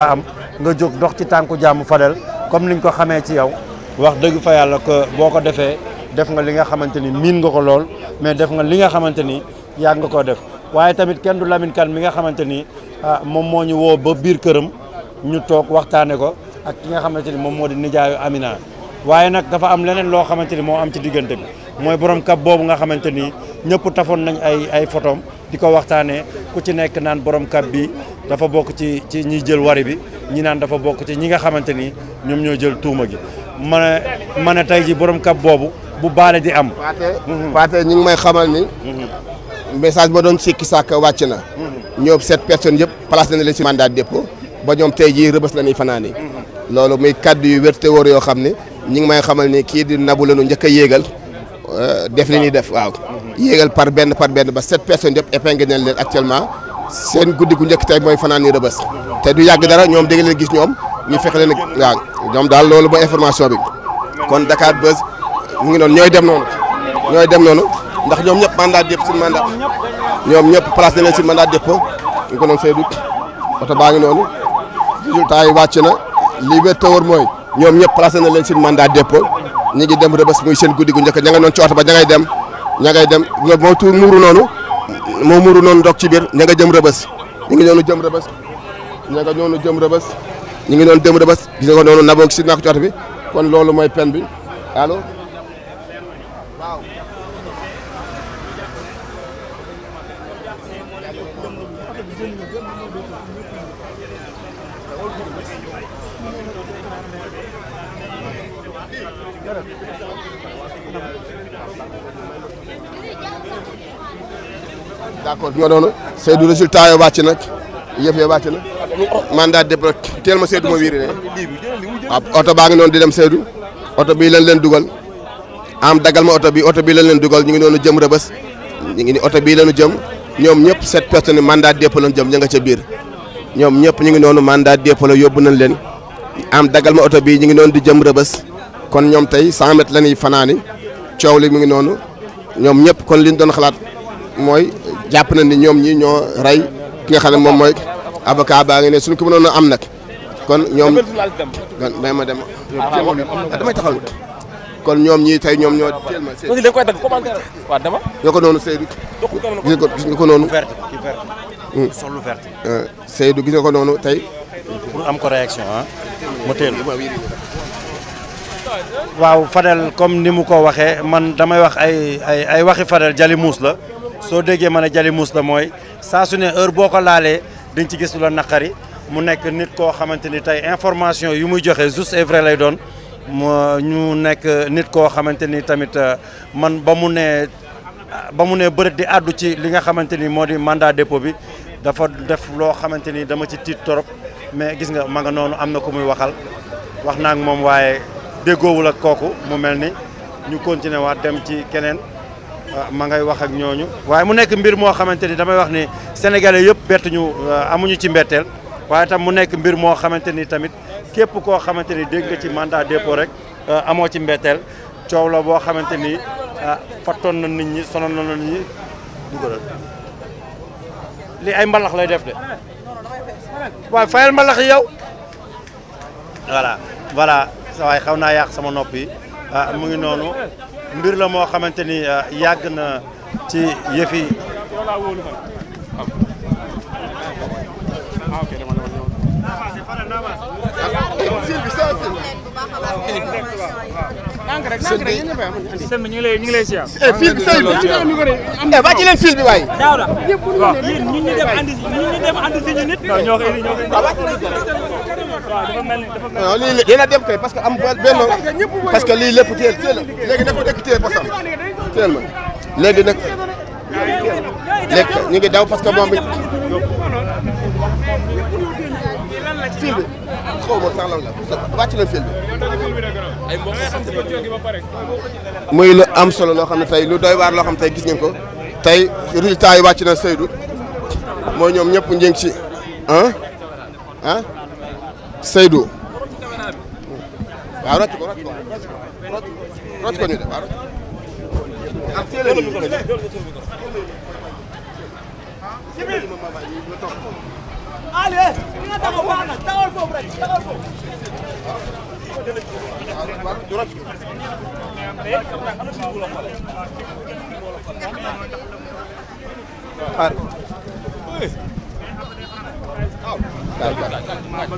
am nga jóg dox ci tànku jàmm Fadel comme niñ ko xamee ci yow wax dëgg fa yàlla que boo ko defee def nga li nga xamante ni miin nga ko lool mais def nga li nga xamante ni yàgg nga koo def waaye tamit kenn du Lamine bi nga xamante ni ah, moom moo ñu woo ba biir këram ñu toog waxtaane ko ak ki nga xamante ni moom moo di nijaayu Amina waaye nag dafa am leneen loo xamante ni moo am ci diggante bi mooy borom kap boobu nga xamante ni ñëpp tafoon nañ ay ay photom di ko waxtaanee ku ci nekk naan borom kap bi dafa bokk ci ci ñi jël wari bi ñi naan dafa bokk ci ñi nga xamante ni ñoom ñoo jël tuuma gi man a tey ji borom kap boobu bu baale di am. Pathé mhm. ñu ngi may xamal ni. Mhm. message ba doon sikki sàkk wàcc na. Mhm. ñoom sept personnes yëpp placé na leen ci mandat de dépôt ba ñoom tey jii rëbës la ñuy fanaani loolu muy kaddu yu wérte wóor yoo xam ne ñi ngi may xamal ni kii di nabu la ñu njëkk a yéegal euh, def li ñuy def waaw. yéegal par benn par benn ba sept personnes yëpp épinglé nañ leen actuellement. seen guddi gu njëkk tey mooy fanaan ni rëbës te du yàgg dara ñoom dégg leen gis ñoom ñu fexe leen waaw ñoom daal loolu ba information bi kon Dakar Buzz mu ngi noonu ñooy dem noonu ñooy dem noonu ndax ñoom ñëpp mandat yëpp suñu mandat ñoom ñëpp place na leen si mandat dépôt ñu ko doon Seydou oto baa ngi noonu résultat yi wàcc na lii ba tawar mooy ñoom ñëpp placé na leen seen mandat dépôt ñi ngi rëbës muy seen guddi gu njëkk ña nga noonu ci ba ña ngay dem ña ngay dem loolu moo tuur muuru noonu moo muru noonu ndog ci biir ña nga jëm rëbës ñu ngi noonu jëm rëbës ña nga jëm rëbës ñu ngi noonu jëm rëbës gis nga ko noonu naboo si bi kon loolu mooy pen bi d' accord nga noonu Seydou résultat yoo wàcc nag yëf yoo wàcc na mandat dëpp rek teel ma Seydou ma wiiri ne waaw oto baa ngi noonu di dem Seydou oto bii lañ leen dugal am dagal ma oto bi oto bii lañ leen dugal ñu ngi noonu jëm rëbës ñu ngi ni oto bii lañu jëm ñoom ñëpp sept personnes mandat dëpp lañ jëm ña nga ca biir ñoom ñëpp ñu ngi noonu mandat dëpp la yóbbu nañ leen am dagal ma oto bii ñu ngi noonu di jëm rëbës kon ñoom tey 100 mètres la ñuy fanaani coow li mu ngi noonu ñoom ñëpp kon liñ doon xalaat mooy jàpp nañ ni ñoom ñi ñoo rey ki nga xam ne moom mooy avocat baa ngi ne suñ ko mënoon am nag kon ñoom day ma dem ah, damay taxaw kon ñoom ñii tey ñoom ñoo teel ma ñoo ko noonu Seydou gis nga ko gis nga ko noonu hmm. euh, Seydou gis nga ko noonu tey am ko réaction ah waaw Fadel comme ni mu ko waxee man damay wax ay ay ay waxi Fadel Jali muus la soo déggee mën a jali muus la mooy saa su ne heure boo ko laalee dañ ci gis lu la naqari mu nekk nit koo xamante ni tey information yu muy joxe juste et lay doon ñu nekk nit koo xamante ni tamit euh, man ba mu nee ba mu ne bërët di àddu ci li nga xamante ni moo di mandat dépôt bi dafa def loo xamante ni dama ci tiit torop mais gis nga ma nga noonu am na ko muy waxal wax naa ak moom waaye déggoowul ak kooku mu mel ni ñu continuer waat dem ci keneen Ah, ma ngay wax ak ñooñu waaye mu nekk mbir moo xamante ni damay wax ni sénégalais yëpp bettuñu ah, amuñu ci mbetteel waaye tam mu nekk mbir moo xamante ni tamit képp koo xamante ni dégg nga ci mandat dépôt rek ah, amoo ci mbeteel coow la boo xamante ni fattoon na nit ñi sonoon na nit ñi li ay mbalax lay def de waaye fayal mbalax yi yow voilà voilà waaye xaw naa yàq sama nopp yi mu ngi noonu mbir la moo xamante ni yàgg na ci yëfi sëñ bi sëñ ñu ngi fil bi sëñ bi wàcc fil bi waay. waaw lii dina dem kay parce que am benn parce que lii lépp teel teel a léegi na ko dëkk teel posam teel ma léegi nag léegi ñu ngi daw parce que moom bi fil bi xaw ma sax la wàcc na fil bi muy lu am solo loo xam ne tey lu doy waar loo xam ne tey gis ngeen ko tey résultat yi wàcc na Seydou moo ñoom ñëpp njëng ci ah Seydou waaw rocc ko rocc ko rocc ko ñu de waaw rocc ko waaw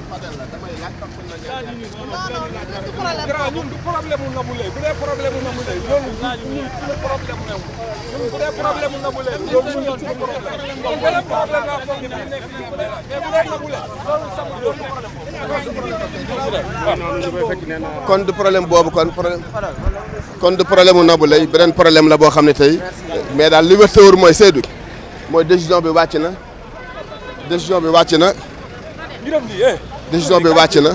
kon beneen problème laa foog ne bii nekk problème du problème boobu kon du problème mu Nabou Leye beneen problème la boo xam ne tey mais daal li mooy Seydou mooy décision bi wàcc na décision bi wàcc na. décision bi wàcc na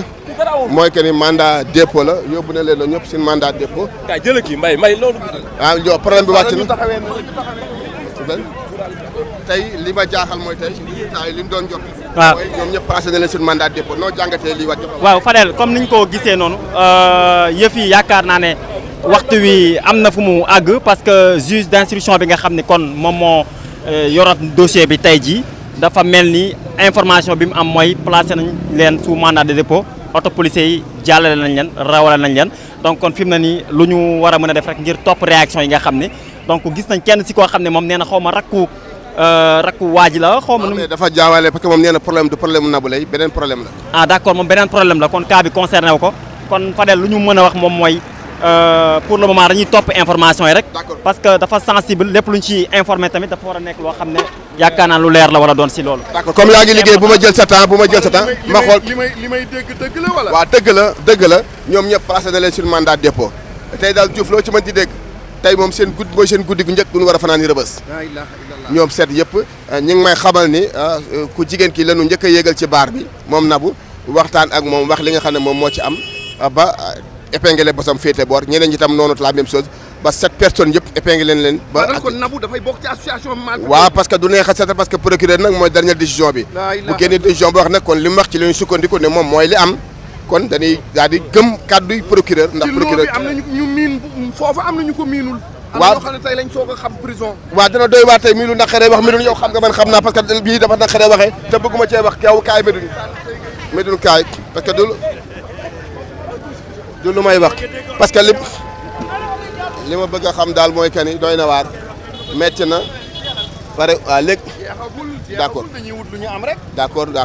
mooy que ni mandat dépôt la yóbbu na leen la ñëpp seen mandat dépôt. waaw jëlee kii mbay mbay loolu. waaw ah, yow problème bi wàcc na tey li ma jaaxal mooy tey li mu doon jot. waaw ah. mooy ñëpp passé na leen seen mandat dépôt jàngatee lii wàcc. waaw Fadel comme niñ ko gisee noonu euh, yëf yi yaakaar naa ne waxtu wi am na fu mu àgg parce que juge d'instruction bi nga xam ne kon moom moo euh, yoroon dossier bi tey jii dafa mel ni. information bi mu am mooy placé nañ leen sous mandat de dépôt auto policiers yi jàllale nañ leen rawale nañ leen donc kon fi mu ne nii lu ñu war a mën a def rek ngir topp réaction yi nga xam ne donc gis nañ kenn si koo xam ne moom nee na xaw ma rakku euh, rakku waa ji la xaw ma. nu dafa jaawaale parce que moom nee na problème du problème mu Nabou Leye beneen problème la. ah d' moom beneen problème la kon cas bi concerné wu ko kon Fadel lu ñu mën a wax moom mooy. Euh, pour le moment dañuy topp information yi rek. parce que dafa sensible lépp lu ñu ci informé tamit dafa war a nekk loo xam ne yaakaar naa lu leer la war a doon si loolu. d'accord comme yaa ngi liggéey bu ma jël sa temps bu ma jël sa temps. ma xool li may li may dégg dëgg la wala. waaw dëgg la dëgg la ñoom ñëpp placé na leen sur mandat dépôt tey daal Diouf loo ci mën dégg tey moom seen guddi mooy seen guddi gu njëkk bu ñu war a fanaan yi rëbës. ñoom seet yëpp euh, ñi ngi may xamal ni euh, njëkk a yéegal ci baar bi moom Nabou waxtaan ak moom wax li nga xam ne moom moo ci am ba épinglé bosam féete boor ñeneen ñi tam noonu la même chose ba sept personnes yëpp épinglé leen waaw parce que du neex a parce que procureur nag mooy dernière décision bi. bu génnee décision bi wax nag kon li wax ci la ñu sukkandiku ne moom mooy li am. kon dañuy daal di procureur. ndax procureur am na ñu miin foofu am na ñu ko miinul. waaw xam a xam prison. dana doy waar tey mii lu naqaree wax mii lu yow xam nga man xam naa parce que bii dafa naqaree waxee. te du lu may wax parce que li li ma bëgg a xam daal mooy que ni doy na waar metti na pare waaw léegi d' accord d' accord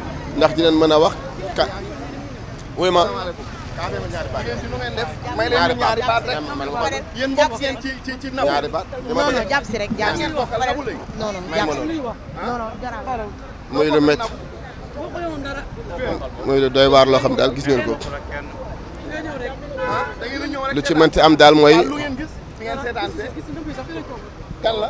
ndax dinañ mën a wax ka wuy ma may leen ñaari baat rek yéen bokk ngeen ci ci ci naw ñaari baat jàpp si rek jàpp si non non jàpp si non non muy lu métti muy lu doy waar loo xam daal gis ngeen ko ah, lu ci mënti am daal mooy kan la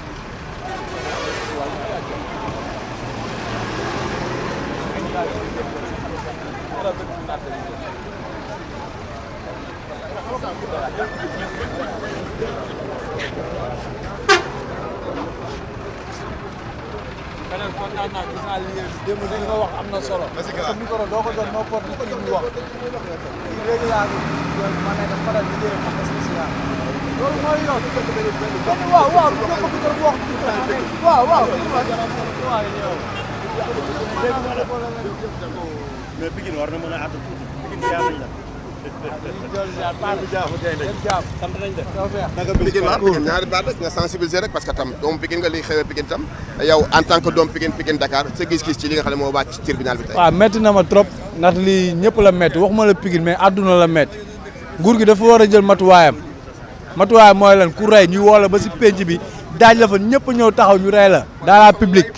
keneen kontaan naa gis naa liggéey bi démb li nga wax am na solo. parce que micro doo ko jot noo ko nit ñi wax. kii léegi laa ko ma ne dafa faral liggéey ma ko spécial. loolu mooy yoon. kon waaw waaw bu nga ko bëgg wax. waaw waaw. mais Pikine war na mën a àtt tuuti Pikine yaa la. naka Pikine waaw Pikine ñaari baat rek nga sensibiliser rek parce que tam doomu Pikine nga liy xewee Pikine tam yow en tant que doomu Pikine Pikine Dakar sa gis-gis ci li nga xam ne moo wàcc ci tribunal bi tey. waaw métti na ma trop ndax lii ñëpp la métti waxuma la Pikine mais àdduna la métti nguur gi dafa war a jël matuwaayam matuwaayam mooy lan ku rey ñu woo la ba si penc bi daaj la fa ñëpp ñëw taxaw ñu rey la. dans la publique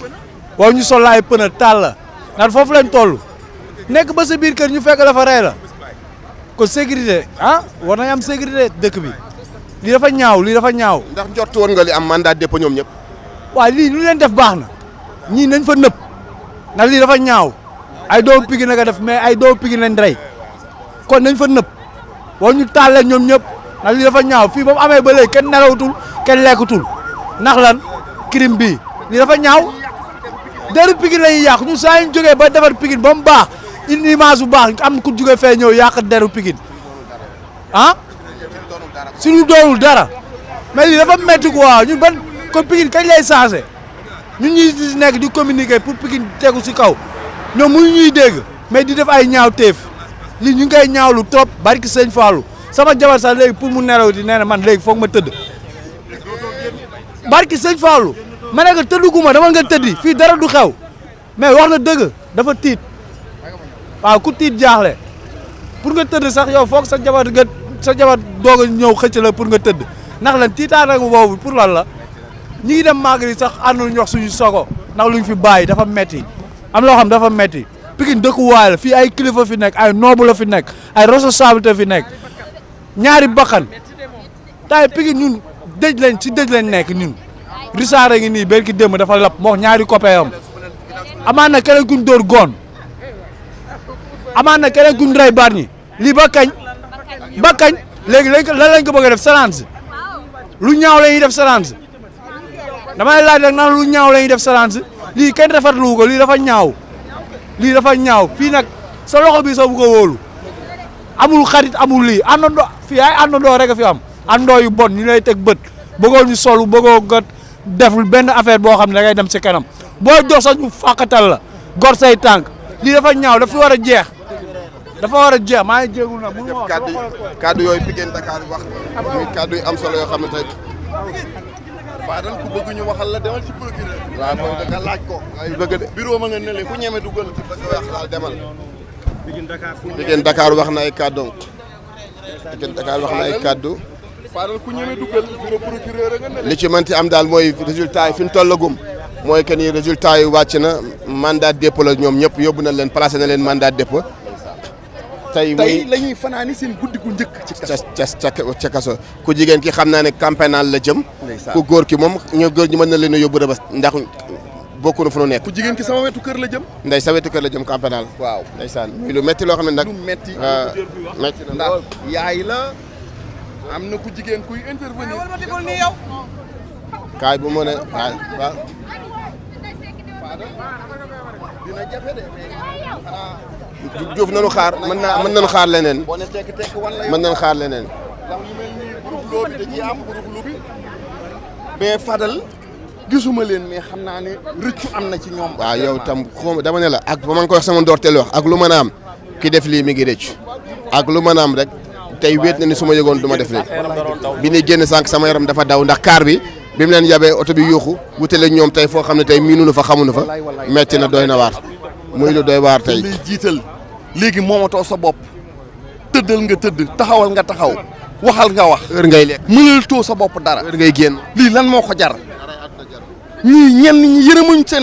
waaw ñu sol ay pën a taal la ndax foofu lañ toll nekk ba sa biir kër ñu fekk la fa la. ko sécurité ah war nañ am sécurité dëkk bi lii dafa ñaaw lii dafa ñaaw. ndax njort woon nga li am mandat dépôt ñoom ñëpp. waaw lii lu leen def baax na ñii nañ fa nëpp ndax lii dafa ñaaw ay doomu pigi na ko def mais ay doomu pigi lañ rey kon nañ fa nëpp war ñu taal leen ñoom ñëpp ndax lii dafa ñaaw fii ba mu amee ba léegi kenn nelawatul kenn lekkatul ndax lan crime bii lii dafa ñaaw deru pigi lañuy yàq ñu saa ñu jógee ba defar pigi ba mu baax. une image bu baax am ku jugee fee ñëw yàq deru Pikine ah suñu doonul dara me lii dafa métti quoi ñu ban kon Pikine kañ lay changé ñu ñuy nekk di communiquer pour Pikine tegu si kaw ñoom mu ñuy dégg mais di def ay ñaaw teef lii ñu ngi ñaaw lu trop barki sëñ Fallou sama jabar sax léegi pour mu neraw di nee na man léegi foog ma tëdd barki sëñ Fallou ma nekk ne ku ma dama nga tëddi fii dara du xew mais wax na dëgg dafa tiit waaw ku tiit jaaxle pour nga tëdd sax yow foog sa jabar nga sa jabar doog a ñëw xëcc la pour nga tëdd ndax lan tiitaana boobu pour lan la ñi ngi dem Magal sax àndul ñox suñu sogo ndax luñ fi bàyyi dafa metti am loo xam dafa metti Pikine dëkkuwaay la fii ay kilifa fi nekk ay noobu la fi nekk ay responsabilité fi nekk ñaari bakkan tay Pikine ñun dëj leen ci dëj lañ nekk ñun risaara ngi nii berki démb dafa lap moo ñaari copain am amaan na keneen kuñ dóor goon amaan na keneen ku ñu rey baat lii bakañ kañ léegi lañ ko ko bëgg def salange lu ñaaw la ñuy def salange damay laaj rek naan lu ñaaw la ñuy def salange lii kenn rafetlu ko lii dafa ñaaw lii dafa ñaaw fii nag sa loxo bi soo bu ko wóolu amul xarit amul lii àndandoo fii ay àndandoo rek a fi am àndoo yu bon ñu lay teg bët bëggoon ñu sol bëggoo nga def benn affaire boo xam ne da dem si kanam boo jox sa ñu fàqatal la gor say tànk lii dafa ñaaw dafa war a jeex dafa war a jeex maa ngi jéegul nag. mënu ma wax kàddu yooyu Pikine Dakar wax muy kàddu yu am solo yoo xamante ne. Fadal ku bëgg ñu nga ma nga nële ku ñeme dugal ci bëgg wax na ay kàddoom. Pikine wax na ay kàddu. Fadal ku ñeme dugal am daal mooy résultat yi fi mu tollagum. mooy que ni résultat yi wàcc na mandat dépôt la ñoom ñëpp yóbbu na leen placé na leen mandat dépôt. tey muy la ñuy fanaani seen guddi gu njëkk ci kaso ca ca kaso ku jigéen ki xam naa ne camp pénal la jëm ku góor ki moom ñu góor ñi mën na leen a yóbbu rëbës ndax bokku na fu nu nekk ku jigéen ki sama wetu kër la jëm ndey sa wetu kër la jëm camp pénal waaw ndeysaan lu metti loo xam ne nag lu metti euh, metti ndax yaay la am na ku jigéen kuy intervenir ni yow kaay bu mën a kaay waaw dina jafe de Diouf nañu xaar mën naa mën nañu xaar leneen mën nañu xaar leneen. ndax yu mel ni groupe loo bi dañuy am groupe mais Fadal gisuma leen mais xam naa ne rëccu am na ci ñoom. waaw yow tam xaw dama ne la ak ba ma ngi wax sama ndorteel wax ak lu mën a am ki def lii mi ngi rëccu ak lu man am rek tey wéet na ni suma ma yëgoon du ma def lii bi ñuy génn sànq sama yaram dafa daw ndax kaar bi. bi mu leen yabee oto bi yuuxu wutale ñoom tey foo xam ne tey miinu nu fa xamuñu fa metti na doy na waar muy lu doy waar tey jiital léegi moomatoo sa bopp tëddal nga tëdd taxawal nga taxaw waxal nga wax. heure ngay lekk mënal too sa bopp dara. heure ngay génn lii lan moo ko jar ñii ñenn ñi seen.